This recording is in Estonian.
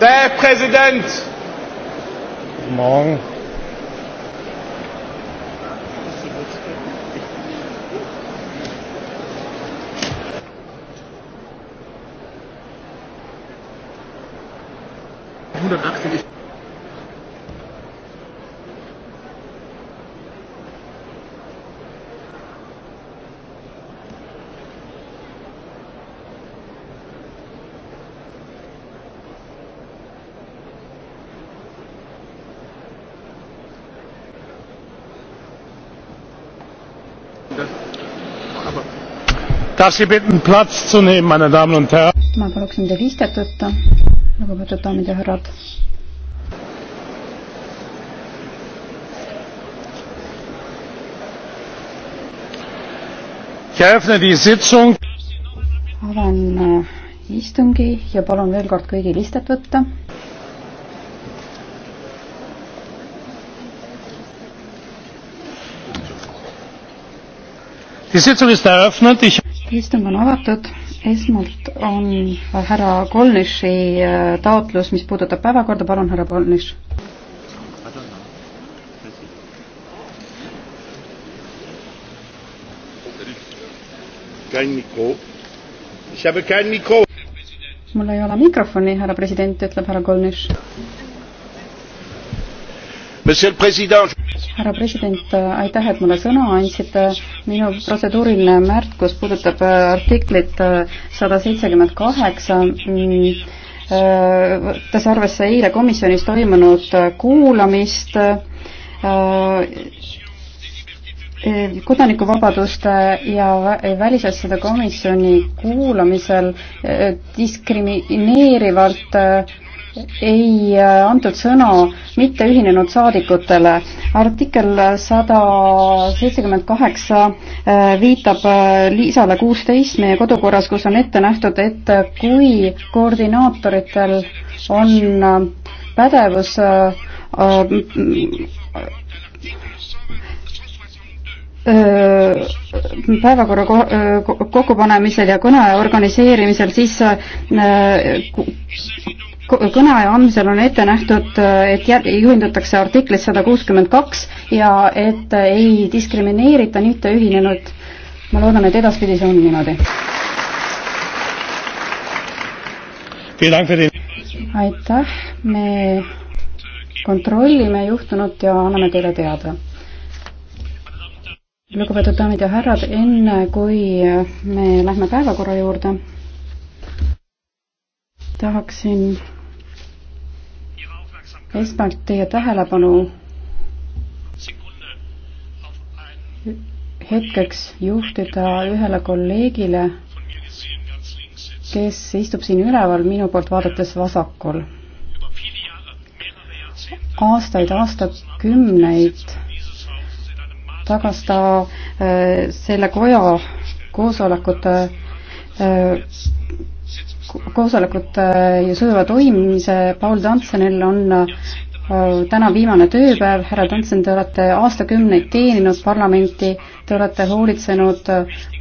Der Präsident! Morgen. Hundertachtzig Darf Sie bitten, Platz zu nehmen, meine Damen und Herren? ma paluksin teil istet võtta, lugupeetud daamid ja härrad. avan äh, istungi ja palun veel kord kõigil istet võtta Die Sitzung ist eröffnet. Ich istung on avatud, esmalt on härra Kolniši äh, taotlus, mis puudutab päevakorda, palun härra Kolniš. mul ei ole mikrofoni, härra president, ütleb härra Kolniš. Monsieur le Président, härra president, aitäh, et mulle sõna andsite. minu protseduuriline märkus puudutab äh, artiklit äh, sada seitsekümmend kaheksa mm, äh, võttes arvesse eile komisjonis toimunud kuulamist, kodanikuvabaduste ja välisasjade komisjoni kuulamisel diskrimineerivalt ei antud sõna mitteühinenud saadikutele artikkel sada seitsekümmend kaheksa äh, viitab äh, lisale kuusteist meie kodukorras, kus on ette nähtud, et kui koordinaatoritel on äh, pädevus päevakorra kokkupanemisel ja kõne organiseerimisel, siis kõneaja andmisel on ette nähtud, äh, et juhindutakse artiklist sada kuuskümmend kaks ja et ei diskrimineerita mitteühinenud. ma loodan, et edaspidi see on niimoodi. aitäh, me kontrollime juhtunut ja anname teile teada. lugupeetud daamid ja härrad, enne kui me lähme päevakorra juurde, tahaksin esmalt teie tähelepanu hetkeks juhtida ühele kolleegile, kes istub siin üleval minu poolt vaadates vasakul. aastaid, aastakümneid tagas ta äh, selle koja koosolekute äh, koosolekute äh, sujuva toimimise, Paul Dantsonil on äh, täna viimane tööpäev, härra Tantsen, te olete aastakümneid teeninud parlamenti, te olete hoolitsenud äh,